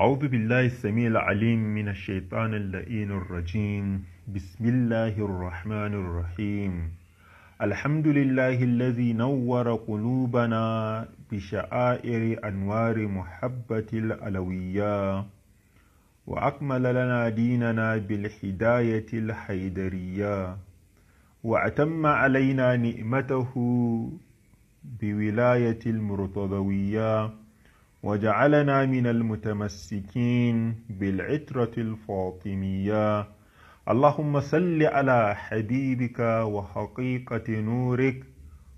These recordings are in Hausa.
أعوذ بالله السميع العليم من الشيطان اللئين الرجيم بسم الله الرحمن الرحيم الحمد لله الذي نور قلوبنا بشعائر أنوار محبة الألوية وأكمل لنا ديننا بالهداية الحيدرية وأتم علينا نعمته بولاية المرتضوية وجعلنا من المتمسكين بالعترة الفاطمية اللهم صل على حبيبك وحقيقة نورك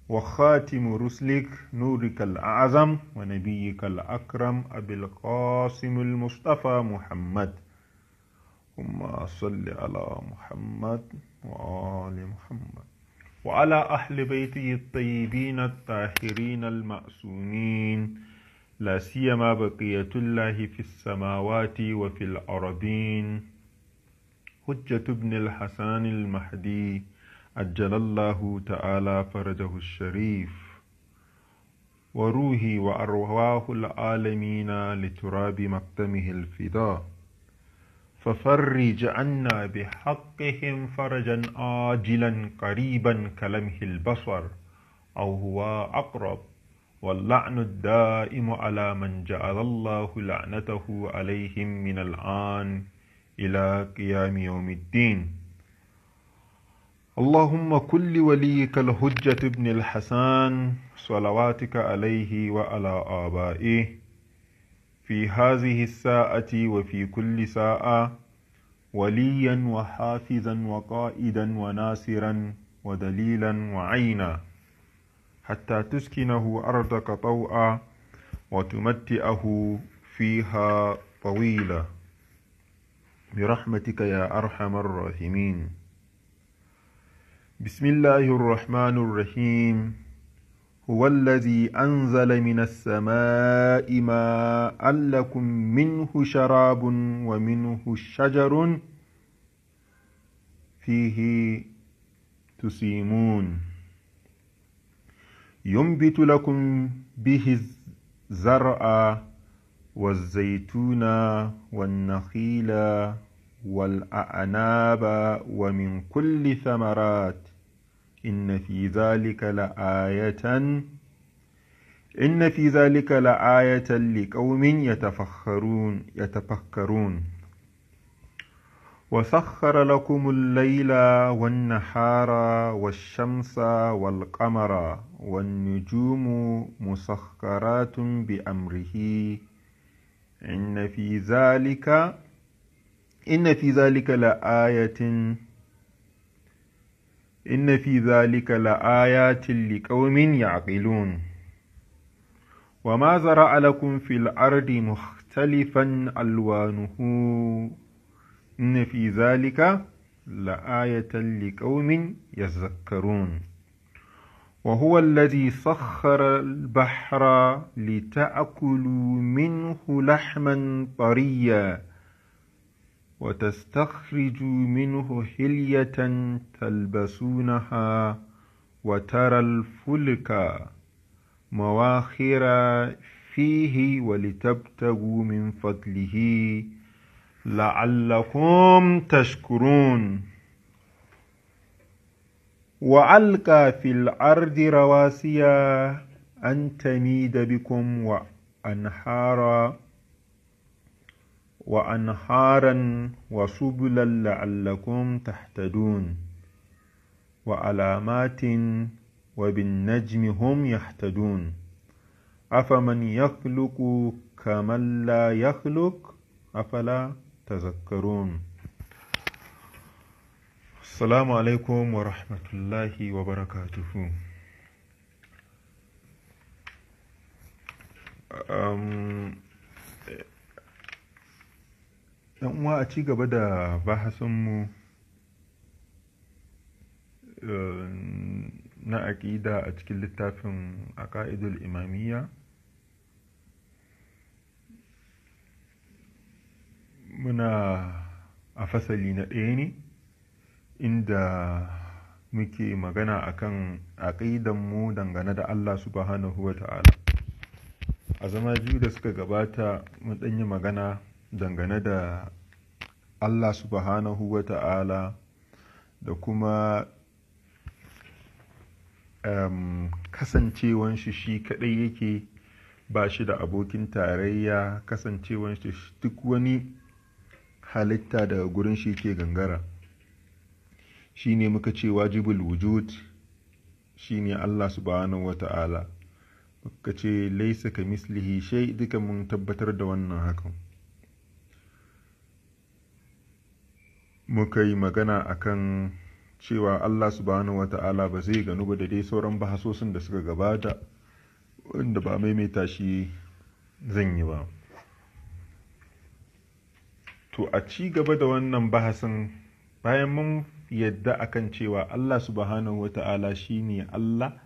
وخاتم رسلك نورك الأعظم ونبيك الأكرم أبي القاسم المصطفى محمد اللهم صل على محمد وآل محمد وعلى أهل بيته الطيبين الطاهرين المأسومين لا سيما بقية الله في السماوات وفي الأرضين حجة ابن الحسن المهدي أجل الله تعالى فرجه الشريف وروحي وأرواح العالمين لتراب مقدمه الفداء ففرج عنا بحقهم فرجا آجلا قريبا كلمه البصر أو هو أقرب واللعن الدائم على من جعل الله لعنته عليهم من الآن إلى قيام يوم الدين اللهم كل وليك الحجة بن الحسن صلواتك عليه وعلى آبائه في هذه الساعة وفي كل ساعة وليا وحافظا وقائدا وناصرا ودليلا وعينا حتى تسكنه أرضك طوعا وتمتئه فيها طويلا برحمتك يا أرحم الراحمين بسم الله الرحمن الرحيم هو الذي أنزل من السماء ماء لكم منه شراب ومنه شجر فيه تسيمون ينبت لكم به الزرع والزيتون والنخيل والأعناب ومن كل ثمرات إن في ذلك لآية إن في ذلك لآية لقوم يتفخرون يتفكرون وسخر لكم الليل والنهار والشمس والقمر والنجوم مسخرات بأمره إن في ذلك إن في ذلك لآية إن في ذلك لآيات لقوم يعقلون وما زرع لكم في الأرض مختلفا ألوانه إن في ذلك لآية لقوم يذكرون وهو الذي سخر البحر لتأكلوا منه لحما طريا وتستخرجوا منه حلية تلبسونها وترى الفلك مواخر فيه ولتبتغوا من فضله لعلكم تشكرون وألقى في الأرض رواسي أن تميد بكم وأنهارا وأنهارا وسبلا لعلكم تهتدون وعلامات وبالنجم هم يهتدون أفمن يخلق كمن لا يخلق أفلا tazakkarun assalamu alaikum wa rahmatullahi wa barakatuhu ɗan uwa a ci gaba da bahasanmu eh, na aƙida a cikin littafin a ƙa'idul imamiyya muna a fasali na ɗaya ne inda muke magana a kan, akan mu dangane da Allah subhanahu wa ta'ala a zama biyu da suka gabata mun yi magana dangane da Allah subhanahu wa ta'ala da kuma um, kasancewan shi shi kaɗai yake ba shi da abokin tarayya kasancewan shi duk wani halitta daga gurin shi ke gangara shi ne muka ce wajibul wujud shi ne Allah subhanahu wa ta'ala muka ce laisa ka mislihi shai duka mun tabbatar da wannan hakan muka yi magana akan cewa Allah subhanahu wa ta'ala ba zai ganu ba da dai sauran bahasosin da suka gabata wanda ba maimaita shi zan yi ba to a ci gaba da wannan bahasin bayan mun yadda akan cewa Allah subhanahu shi ne Allah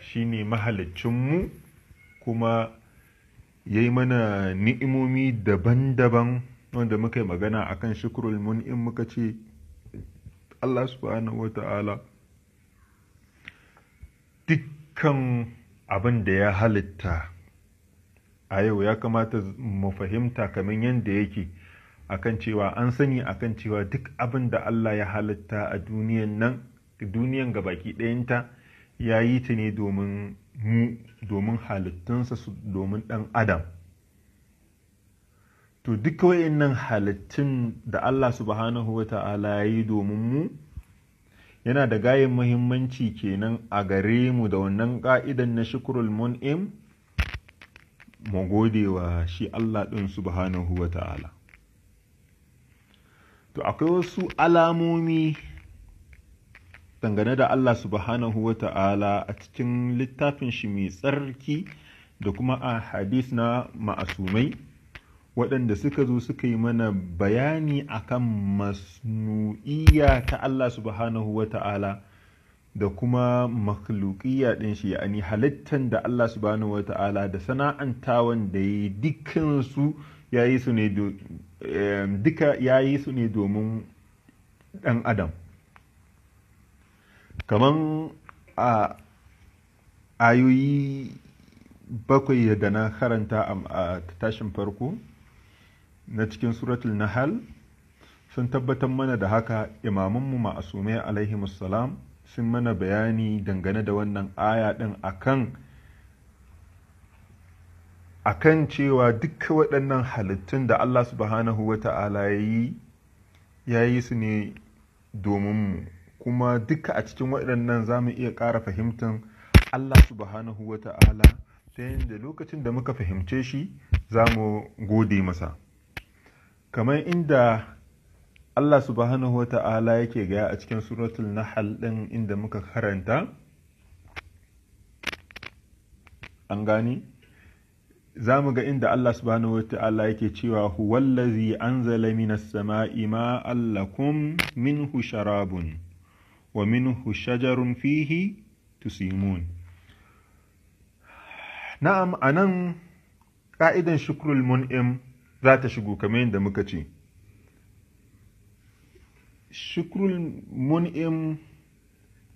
shi ne mahalicinmu kuma ya yi mana ni'imomi daban-daban wanda muka yi magana a akan shukrul in muka ce Allah subhanahu ta'ala. dukkan abin da ya halitta a yau ya kamata mu fahimta kamar yadda yake akan cewa an sani akan cewa duk abin da Allah ya halitta a duniyan nan duniyan gabaki ɗayanta ya yi ta ne domin mu domin halittunsa su domin ɗan adam to duk nan halittun da Allah subhanahu wa ta'ala ya yi domin mu yana da gayin mahimmanci kenan a gare mu da wannan ka'idan na shukrul mun'im mu gode wa shi Allah ɗin subhanahu wa ta'ala to akwai wasu alamomi dangane da Allah subhanahu wa ta'ala a cikin littafin shi mai tsarki da kuma a hadis na ma'asumai waɗanda suka zo suka yi mana bayani akan masnu'iya ta Allah subhanahu wa ta'ala da kuma makhlukiya ɗin shi yani halittan da Allah subhanahu wa ta'ala da sana'antawan da ya yi dukkansu ya yi su ne eh, duka ya yi su ne domin ɗan adam kaman a ayoyi bakwai da na karanta a tashin farko na cikin suratul nahal sun tabbatar mana da haka imamanmu ma'asumai salam sun mana bayani dangane da wannan aya ɗin akan akan cewa duka waɗannan halittun da Allah subhanahu wa ta'ala ya yi su ne domin mu kuma duka a cikin waɗannan za mu iya ƙara fahimtar Allah subhanahu wa ta'ala ta yadda lokacin da muka fahimce shi za mu gode masa kamar inda Allah subhanahu wa ta'ala yake gaya a cikin suratul nahal ɗin inda muka karanta an gani za mu ga inda Allah subhanahu wata'ala yake cewa huwallazi anzala minas sama'i ma'an lakum minhu sharabun wa minhu shajarun fihi tusimun na'am anan ka'idan shukrul mun'im za ta shigo kamar yadda muka ce shukrul mun'im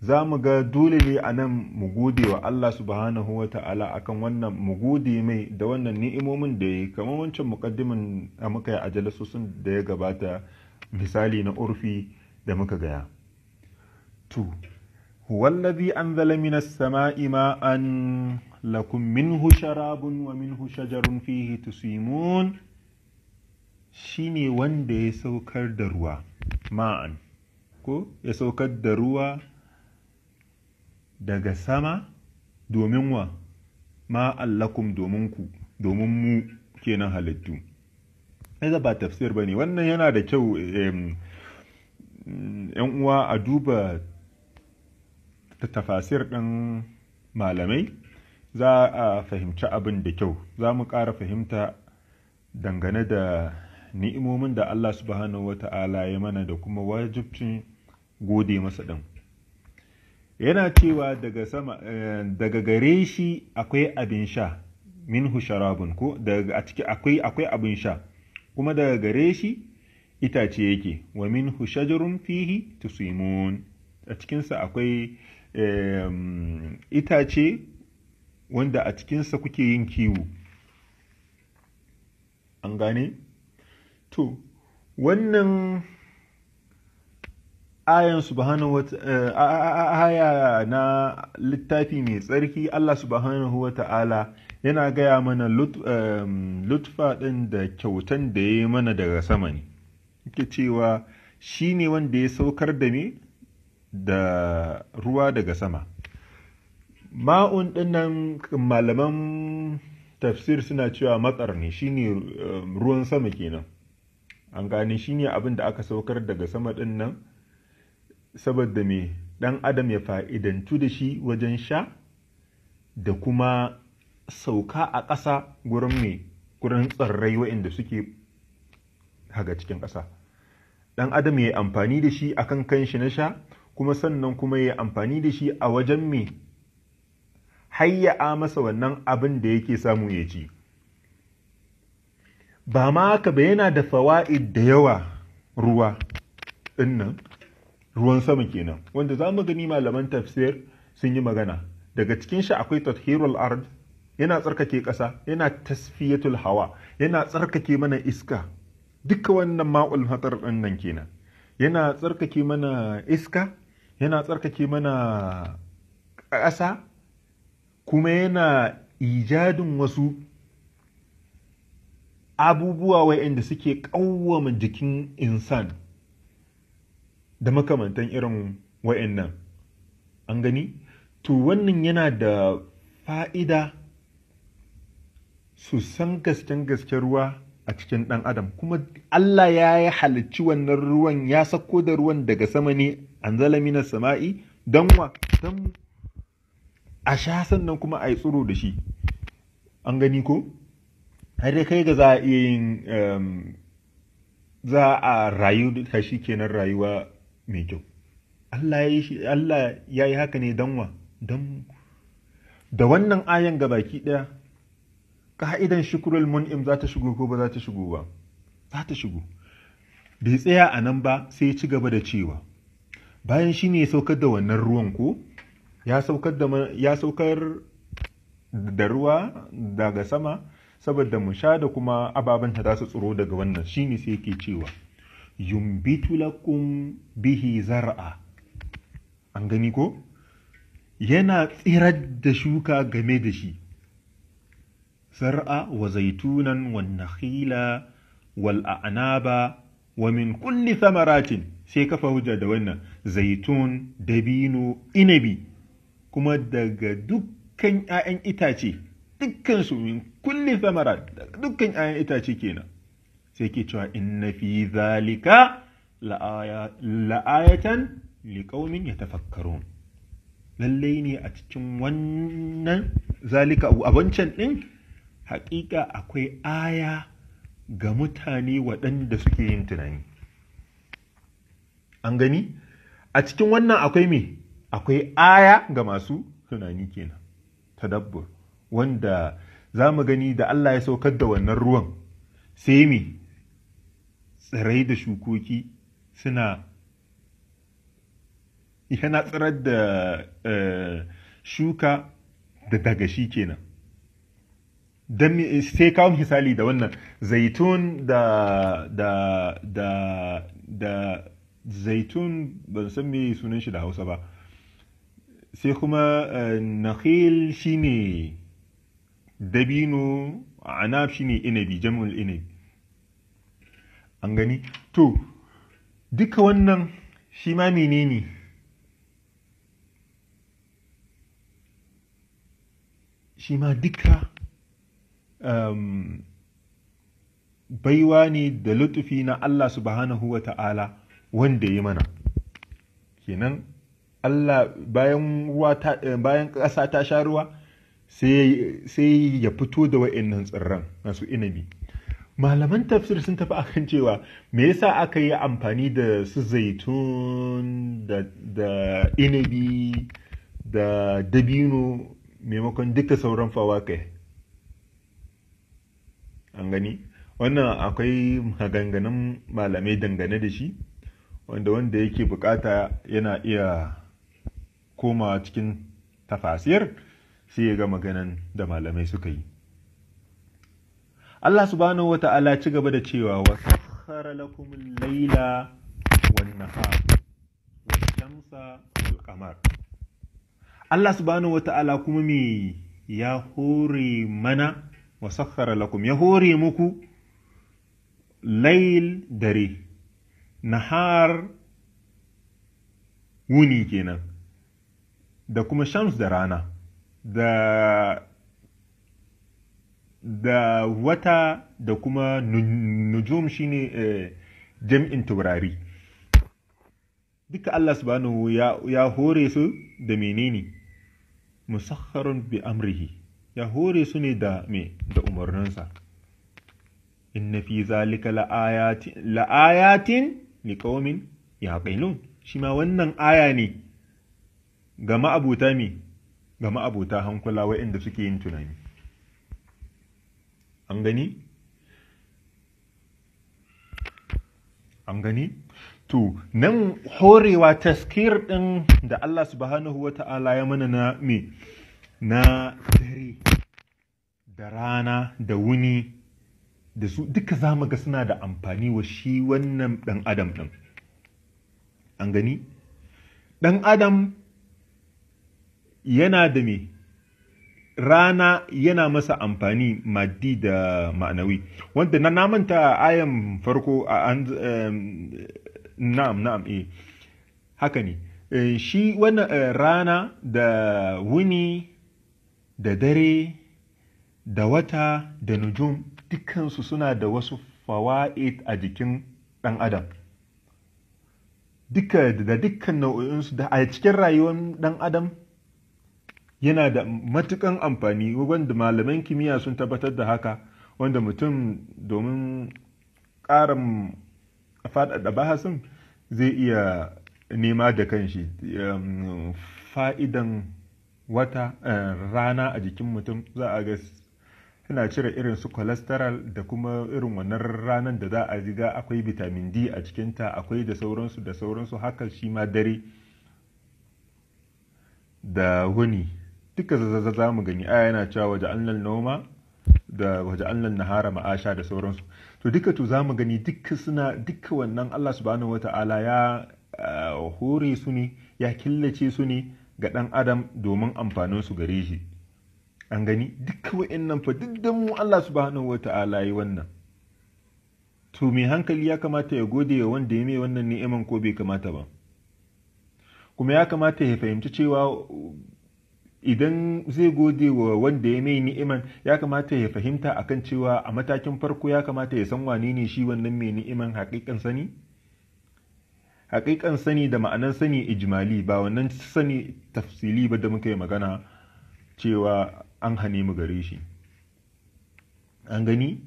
za mu ga dole ne a nan mu gode wa Allah subhanahu wa ta'ala akan wannan mu gode mai da wannan ni'imomin da ya yi kamar wancan mukaddimin a muka yi a jalasusun da ya gabata misali na urfi da muka gaya to wallazi anzala minas sama'i ma'an lakum minhu sharabun wa minhu shajarun fihi tusimun shine wanda ya saukar da ruwa ma'an ko ya saukar da ruwa daga sama domin wa ma allakum domin ku domin mu kenan halittu ɗaza ba tafsir ba ne wannan yana da kyau yan uwa a duba tafasir ɗin malamai za a fahimci abin da kyau za mu ƙara fahimta dangane da ni'imomin da allah subhanahu wa ta'ala ya mana da kuma wajibcin gode masa ɗin yana cewa daga sama eh, daga gare shi akwai abin sha minhu sharabun ko daga a ciki akwai akwai abin sha kuma daga gare shi itace yake wa minhu shajarun fihi tusimun a cikinsa akwai itace wanda a cikinsa kuke yin kiwo an gane to wannan ayan subhanahu eh, aya na littafi mai tsarki Allah subhanahu wa ta'ala yana gaya mana lutfa ɗin da kyautan da ya yi mana daga sama ne yake cewa shi ne wanda ya saukar da me da ruwa daga sama ma'un ɗinnan malaman tafsir suna cewa matsar ne shi ne ruwan sama kenan an gane shi ne abin da aka saukar daga sama ɗinnan saboda me ɗan adam ya fa'idantu da shi wajen sha da kuma sauka a ƙasa gurin mai gurin tsirrai waɗanda suke haga cikin ƙasa ɗan adam ya yi amfani da shi akan kanshi na sha kuma sannan kuma ya yi amfani da shi a wajen mai hayya'a masa wannan abin da yake samu ya ci ba ma haka ba yana da fawa'id da yawa ruwa ɗinnan ruwan sama kenan wanda za mu gani malaman tafsir sun yi magana daga cikin shi akwai tathirul ard yana tsarkake ƙasa yana tasfiyatul hawa yana tsarkake mana iska duka wannan ma'ul hatar ɗin nan kenan yana tsarkake mana iska yana tsarkake mana ƙasa kuma yana ijadin wasu abubuwa wa'inda suke ƙawwama jikin insan da makamantan irin wa'annan an gani to wannan yana da fa'ida su san gasken gaske ruwa a cikin ɗan adam kuma Allah ya yi halicci wannan ruwan ya sako da ruwan daga sama ne an zala sama'i don wa don a sha sannan kuma a yi tsoro da shi an gani ko har kai ga za a iya yin um, za a rayu da shi kenan rayuwa mai kyau Allah ya yi haka ne don wa don da wannan ayan ga baki ɗaya ka'idan shukurul mun'im za ta shigo ko ba za ta shigo ba za ta shigo bai tsaya a nan ba sai ci gaba da cewa bayan shi ne ya saukar da wannan ruwan ko ya saukar da ruwa daga sama saboda mu sha da kuma ababen ta za su tsoro daga wannan shi ne sai yake cewa yumbitu lakum bihi zar'a an gani ko yana tsirar da shuka game da shi zar'a wa zaitunan wa nakhila wal a'naba wa min kulli thamaratin sai kafa hujja da wannan zaitun dabino inabi kuma daga dukkan 'ya'yan itace dukkan su min kulli thamarat dukkan 'ya'yan itace kenan sai ke cewa na fi zalika la'ayatan liƙaumin ya tafakkaru lallai ne a cikin wannan zalika abincin ɗin haƙiƙa akwai aya ga mutane waɗanda suke yin tunani an gani a cikin wannan akwai me akwai aya ga masu tunani kenan tadabbur wanda za mu gani da Allah ya saukar da wannan ruwan sai me tsirai da shukoki suna yana tsirar da eh, shuka da daga shi kenan don sai kawo misali da wannan zaitun da da da da zaitun ban san me sunan shi da hausa ba sai kuma eh, nakhil shine dabino anab shine inabi jam'ul inabi an gani to duka wannan shi ma menene shi ma duka um, baiwa ne da lutufi na Allah subhanahu wa ta'ala wanda ya mana kenan Allah bayan ƙasa ta sha ruwa sai ya fito da nan tsirran masu inabi malaman tafsir sun tafi akan cewa me yasa aka yi amfani da su zaitun da inabi da dabino maimakon duka sauran fawakai an gani wannan akwai maganganun malamai dangane da shi wanda wanda yake bukata yana iya koma cikin tafasiyar sai ya ga maganan da malamai suka yi Allah subhanahu wa ta'ala ci gaba da cewa wa sakhara lakum laila wan-nahar wa shamsa wal-qamar Allah subhanahu wa ta'ala kuma me ya hore mana wa lakum ya hore muku lail dare nahar wuni kenan da kuma shams da rana da da wata da kuma nujum shine eh, jam'in taurari duka Allah subhanahu ya hore su da menene musakharun bi amrihi ya hore su ne da me da umarninsa inna fi zalika la'ayatin liqaumin yaqilun shi ma wannan aya ne ga ma'abuta me ga ma'abuta hankula waɗanda suke yin tunani an gani an gani to nan horewa taskir ɗin da Allah subhanahu wa ta'ala ya mana na me na dare da rana da wuni da su duka za mu ga suna da amfani wa shi wannan ɗan adam ɗin an gani ɗan adam yana da me rana yana masa amfani maddi da ma'anawi wanda na manta ayan farko an na'am na'am eh, haka ne eh, shi wani eh, rana da wuni da dare da wata da nujum dukkansu suna da wasu fawa'id a jikin ɗan adam da dukkan nau'o'insu da a cikin rayuwar ɗan adam yana da matukan amfani wanda malaman kimiyya sun tabbatar da haka wanda mutum domin ƙarin faɗaɗa bahasin zai iya nema da kanshi fa'idan wata eh, rana a jikin mutum za a ga suna cire irin su cholesterol da kuma irin wannan ranar da za a ga akwai vitamin d a cikinta akwai da sauransu da sauransu haka shi ma dare da wuni duka zazzaza za mu gani aya yana cewa waje allan noma da waje allan nahara ma'asha da sauransu to duka to za mu gani duka suna duka wannan allah subhanahu ala ya eh, hore su ne ya killace su ne ga ɗan adam domin amfanin su gare shi an gani duka wa'annan fa duk da mu allah subhanahu ala yi wannan to mai hankali ya kamata ya gode wa wanda ya mai wannan ni'iman ko bai kamata ba kuma ya kamata ya fahimci cewa idan zai gode wa wanda ya mai ni'iman ya kamata ya fahimta akan cewa a matakin farko ya kamata ya san wane ne shi wannan mai ni'iman haƙiƙan sani haƙiƙan sani da ma'anan sani ijimali ba wannan sani tafsili ba da muka yi magana cewa an hane mu gare shi an gani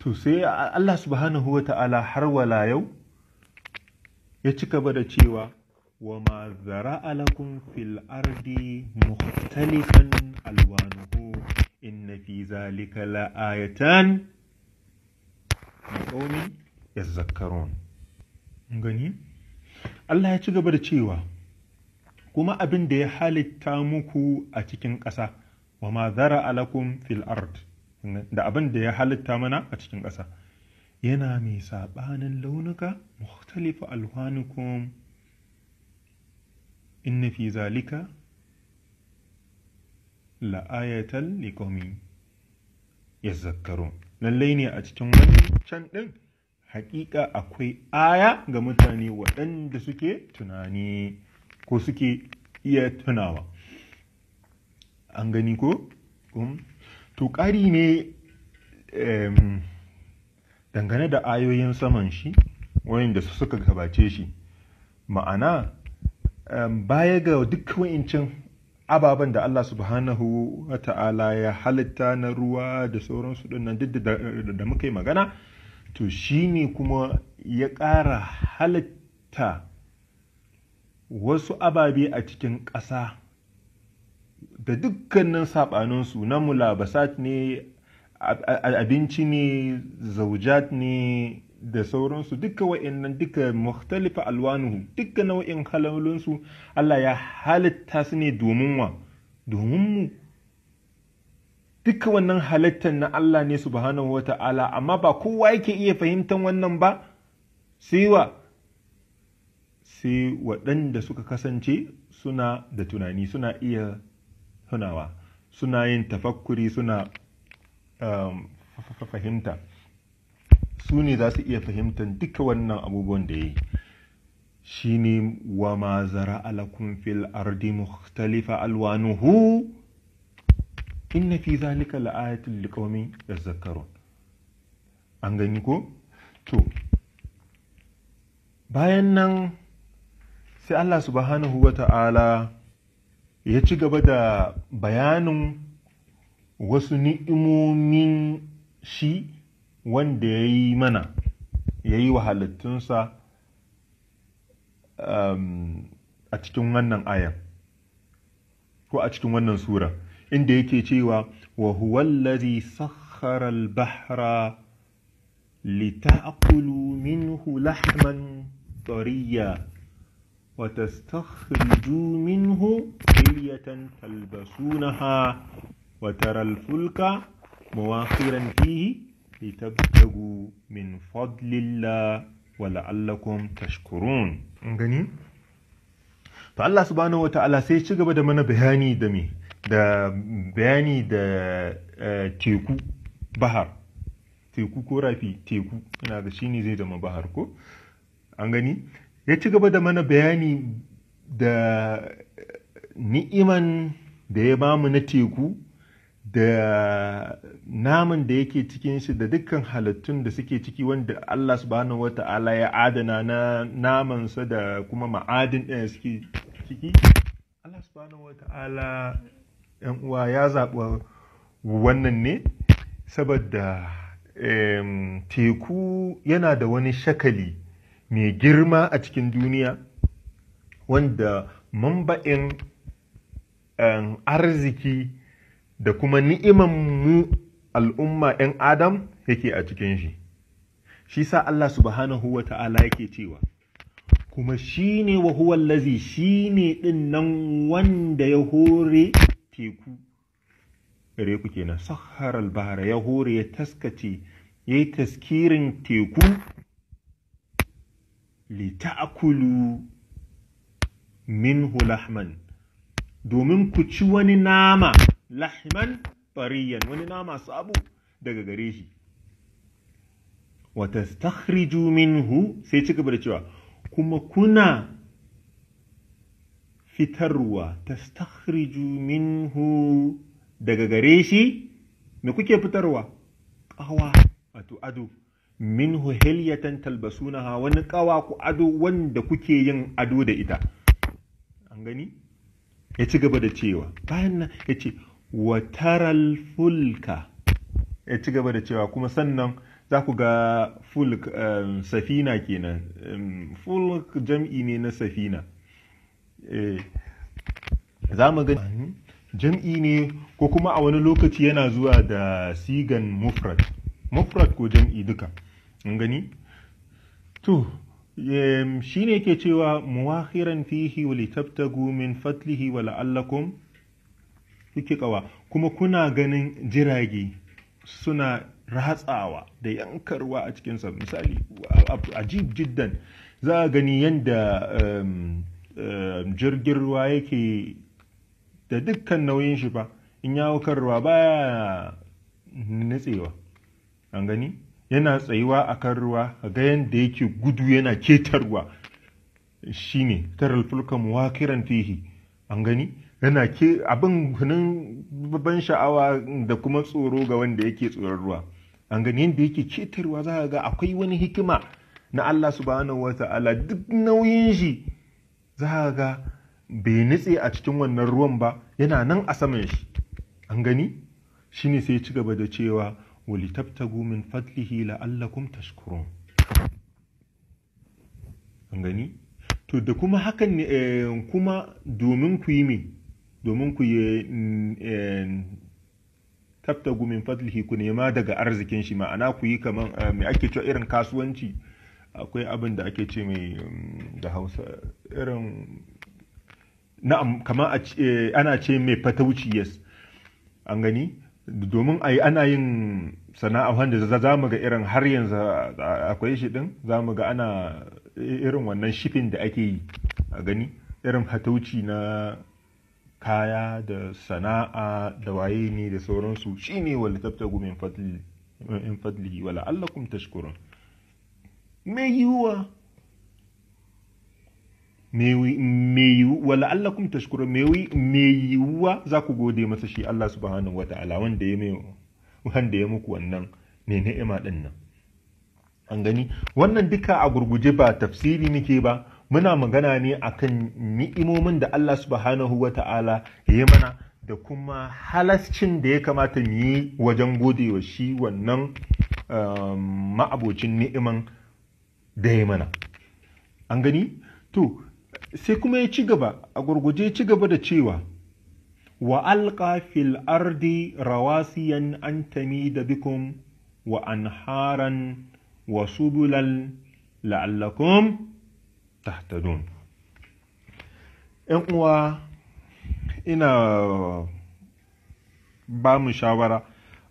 to sai Allah subhanahu wa ta'ala har wala yau ya ci gaba da cewa وما ذرأ لكم في الأرض مختلفا ألوانه إن في ذلك لآيتان لقوم يذكرون gani Allah ya ci gaba da cewa kuma abin da ya halitta muku a cikin ƙasa wa ma zara alakum fil da abin da ya halitta mana a cikin ƙasa yana mai saɓanin launuka mukhtalifu alwanukum inna fi zalika la'ayatan ya yazakkarun lallai ne a cikin can ɗin? hakika akwai aya ga mutane waɗanda suke tunani ko suke iya tunawa an gani ko to ƙari ne dangane da ayoyin saman shi wayanda suka gabace shi ma'ana baya ga duk wa'incin ababen da Allah subhanahu wa ta'ala ya halitta na ruwa da sauransu dinnan duk da muka yi magana to shi ne kuma ya ƙara halitta wasu ababe a cikin ƙasa da dukkanin saɓaninsu na mulabasat ne abinci ne zaujat ne da sauransu duka wa'annan duka mukhtalifa alwanuhu duka nau'in halalinsu Allah ya halitta su ne domin wa domin mu duka wannan halittar na Allah ne subhanahu wata'ala amma ba kowa yake iya fahimtar wannan ba sai wa sai waɗanda suka kasance suna da tunani suna iya tunawa suna yin tafakkuri suna um, fahimta su ne za su iya fahimtar duka wannan abubuwan da ya yi shi ne wa ma zara alakun fil ardi mukhtalifa alwanuhu inna fi zalika la'ayatul liqaumin yazakkarun an gani ko to bayan nan sai Allah subhanahu wa ta'ala ya ci gaba da bayanin wasu ni'imomin shi wanda ya yi mana ya yi wa halittunsa a cikin wannan ayan ko a cikin wannan sura inda yake cewa wa huwallazi sakhara al-bahra lita'kulu minhu lahman طريا وتستخرجوا منه حلية تلبسونها وترى الفلك مواخرا فيه litabtagu min fadlillah wa la'allakum tashkurun gani to Allah subhanahu wata'ala sai ci gaba da mana bayani da me da bayani da eh, teku bahar teku ko rafi teku ina ga shine zai zama bahar ko an gani ya ci gaba da mana bayani da ni'iman da ya bamu na teku da naman da yake cikin shi da dukkan halittun da suke ciki wanda Allah subhanahu wata'ala ya adana na namansa da kuma ma'adin ɗaya suke ciki Allah subhanahu wata'ala yan uwa ya zaɓa wannan ne saboda teku yana da wani shakali mai girma a cikin duniya wanda mamba'in arziki da kuma ni'iman mu al'umma 'yan adam yake a cikin shi shi sa Allah subhanahu wa ta'ala yake cewa kuma shi ne wa huwallazi shi ne ɗin nan wanda ya hore teku gare ku kenan sahar albahara ya hore ya taskace ya yi taskirin teku lita'akulu min hulahman domin ku ci wani nama lahman fariyan wani nama sabu daga gare shi wa min minhu sai ci gaba da cewa kuma kuna fitarwa ta min minhu daga gare shi me kuke fitarwa qawa wato ado minhu hilyatan talbasunaha wani kawa ku ado wanda kuke yin ado da ita an gani ya ci gaba da cewa bayan nan ya ce wataral fulka ya ci gaba da cewa kuma sannan za ku ga fulk um, safina kenan um, fulk jam'i ne na safina eh, za mu ga jam'i ne ko kuma a wani lokaci yana zuwa da sigan mufrad mufrad ko jam'i duka in gani to um, shi ne ke cewa muwahiran fihi wa tabtagu min fatlihi wa la'allakum ƙawa kuma kuna ganin jirage suna ratsawa da yankarwa a cikinsa misali jib jiddan za a gani yadda um, um, jirgin ruwa yake da dukkan nauyin shi ba. in ya ruwa baya natsewa, an gani yana tsayuwa a kan ruwa ga yadda yake gudu yana ketarwa Shi shine taral fulkan wakiran fihi an gani yana ke abin hunin ban sha'awa da kuma tsoro ga wanda yake tsoron ruwa an gani yadda yake cetarwa za ga akwai wani hikima na Allah subhanahu ala duk nauyin shi za ga bai nitse a cikin wannan ruwan ba yana nan a saman shi an gani ne sai ci gaba da cewa walitabtagu min fadlihi la'allakum tashkurun an gani to da kuma hakan ne eh, kuma domin ku yi me domin ku eh, tafta gumin fadlihi ku nema daga arzikin shi ma'ana ku yi kaman eh, mai ake cewa irin kasuwanci akwai abin da ake ce mai mm, da hausa irin na'am kamar eh, ana ce mai fatauci yes an gani domin a yi ana yin sana'a wanda za mu ga irin har yanzu akwai shi din za mu ga ana irin wannan shifin da ake yi a gani irin fatauci na kaya da sana'a da waye ne da sauransu shi ne tabtagu min fadli in fadli. wa la'allakum tashkurun me yiwuwa wala Allah kun tashkura me yiwuwa za ku gode masa shi Allah subhanahu wa ta'ala wanda ya wanda ya muku wannan ne ni'ima din nan an gani wannan duka a gurguje ba tafsiri nake ba muna magana ne akan ni'imomin da Allah subhanahu wa ta'ala ya mana da kuma halascin da ya kamata mu yi wajen godewa shi wannan um, ma'abocin ni'iman da ya mana an gani to sai kuma ya ci gaba a gurguje ci gaba da cewa wa alqa fil ardi rawasiyan an tamida bikum wa anharan wa subulan la'allakum tahtadun yan uwa ina ba mu shawara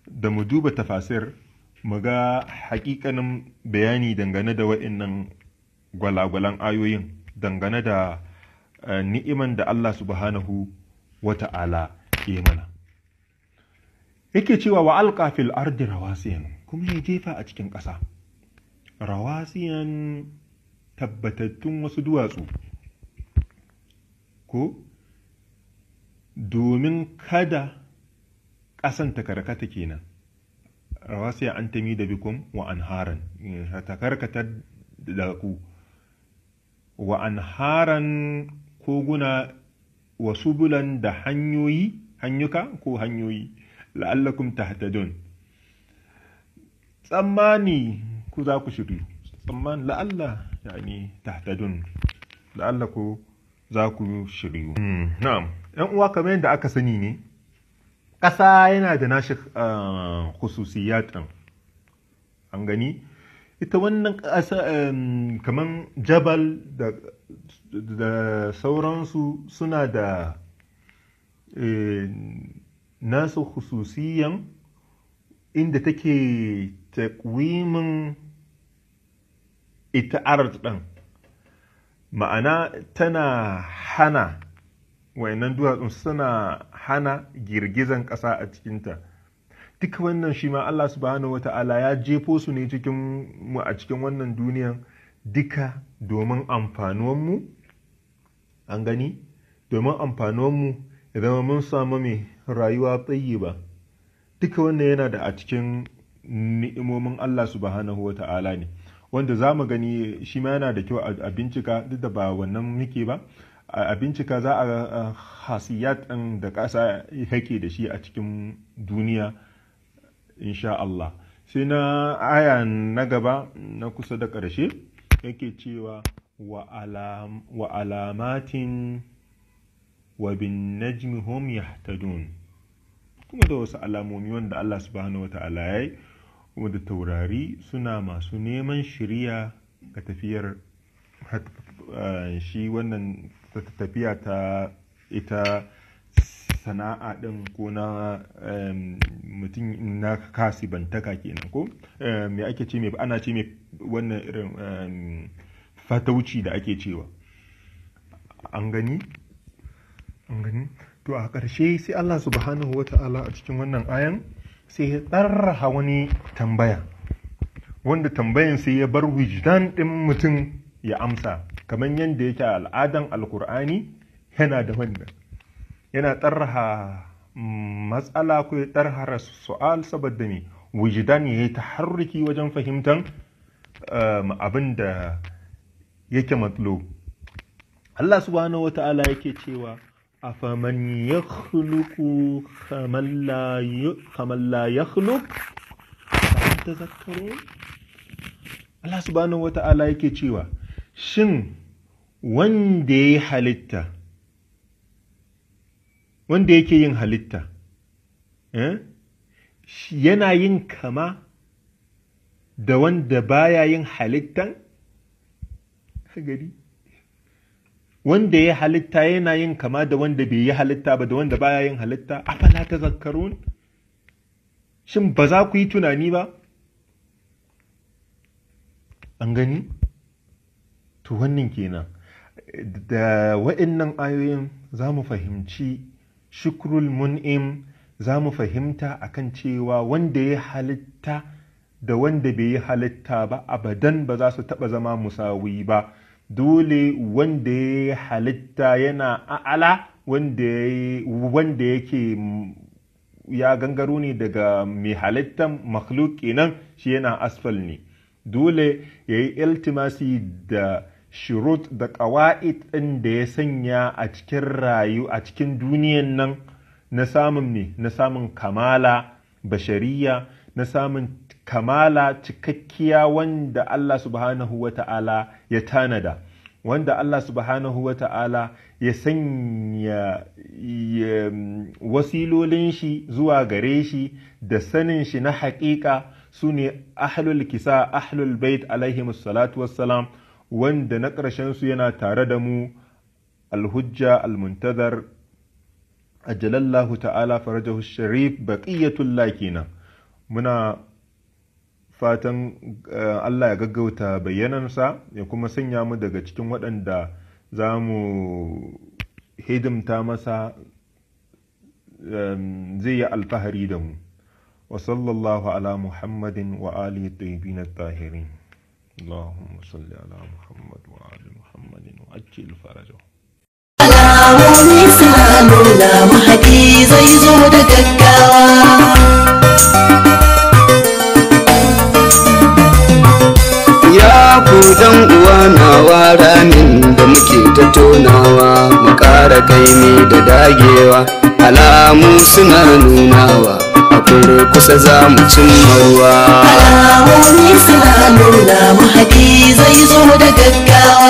da mu duba tafasir mu ga hakikanin bayani dangane da waɗannan gwalagwalan ayoyin dangane da eh, ni'iman da Allah subhanahu wa ta'ala ke mana yake cewa wa alƙafil ardi rawasiyan kuma ya jefa a cikin ƙasa rawasiyan tabbatattun wasu duwatsu ko domin kada ƙasan ta karkata kenan rawasiya an tami da bikon wa an haran ta karkata da ku wa an haran koguna wasu bulan da hanyoyi hanyuka ko hanyoyi la'allakum tahtadun tsammani ku za ku shirya. tsammani la'alla yani tahtadun la'alla ko za ku shiryu na'am yan uwa kamar yadda aka sani ne ƙasa yana da nashi khususiyat an gani ita wannan ƙasa kamar jabal da sauransu suna da nasa khususiyan inda take takwimin ita arad ɗin ma'ana tana hana wayannan duwatsun suna hana girgizan ƙasa a cikinta duk wannan shi ma Allah subhanahu wata'ala ya jefo su ne cikin mu a cikin wannan duniyan duka domin amfanuwanmu an gani domin amfanuwanmu ya zama mun samu mai rayuwa tsayi ba duka wannan yana da a cikin ni'imomin Allah subhanahu wata'ala ne wanda za mu gani shi ma yana da kyau a bincika duk da ba wannan muke ba a bincika za a hasiyat ɗin da ƙasa yake da shi a cikin duniya insha Allah sai na aya na gaba na kusa da ƙarshe yake cewa wa alamatin wa bin najmi hum kuma da wasu alamomi wanda Allah subhanahu wa ta'ala ya yi kuma da taurari suna masu neman shirya ga tafiyar eh, shi wannan tafiya ta ita sana'a ɗin ko na eh, mutum na kasibantaka kenan ko eh, me ake ce mai ana ce mai wannan irin fatauci da ake cewa an gani an gani to a ƙarshe sai Allah subhanahu wa ta'ala a cikin wannan ayan sai ya ɗarraha wani tambaya wanda tambayan sai ya bar wujdan ɗin mutum ya amsa kamar yadda yake a al'adan alkur'ani yana da wannan yana ɗarraha mm, matsala ko ya ɗarhara su'al saboda ne wujdan ya yi taharruki wajen fahimtar um, abin da yake matlo Allah subhanahu wa ta'ala yake cewa أفمن يخلق كمن لا ي... كمن لا يخلق تذكرون Allah subhanahu wata'ala yake cewa shin wanda ya halitta wanda yake yin halitta eh? yana yin kama da wanda baya yin halittan gari wanda ya halitta yana yin kama da wanda bai yi halitta ba da wanda baya yin halitta afala ta zakarun shin ba za ku yi tunani ba an gani to wannan kenan da wa'innan ayoyin za mu fahimci shukrul mun'im za mu fahimta akan cewa wanda ya halitta da wanda bai yi halitta ba abadan ba za su taɓa zama musawi ba dole wanda ya halitta yana a'ala wanda yake ya gangaro ne daga mai halittan makhluki nan shi yana asfal ne dole ya yi iltimasi da shirut da ƙawa'id ɗin da ya sanya a cikin rayu a cikin duniyan nan na samun ne na samun kamala bashariya na samun kamala cikakkiya wanda Allah subhanahu wa ta'ala ya tanada wanda Allah subhanahu wa ta'ala ya sanya mm, wasilolin shi zuwa gare shi da sanin shi na haƙiƙa su ne ahlul kisa ahlul bait alaihi salatu wassalam wanda na ƙarshensu yana tare da mu alhujja almuntazar ajalallahu ta'ala farajahu sharif baqiyatul kenan muna fatan eh, Allah ya gaggauta bayyanansa ya kuma sanya mu daga cikin waɗanda za mu hidimta masa zai yi alfahari da mu wa sallallahu ala muhammadin wa ali na tahirin اللهم صل على محمد وآل محمد وعجل فرجه سلام الله mahadi zai zo da gaggawa ku dan uwa nawa ramin da muke ta tonawa mu ƙara kaimi da dagewa alamu suna nunawa a kusa za mu cimma ruwa alamu suna nuna mu haƙi zai zo da gaggawa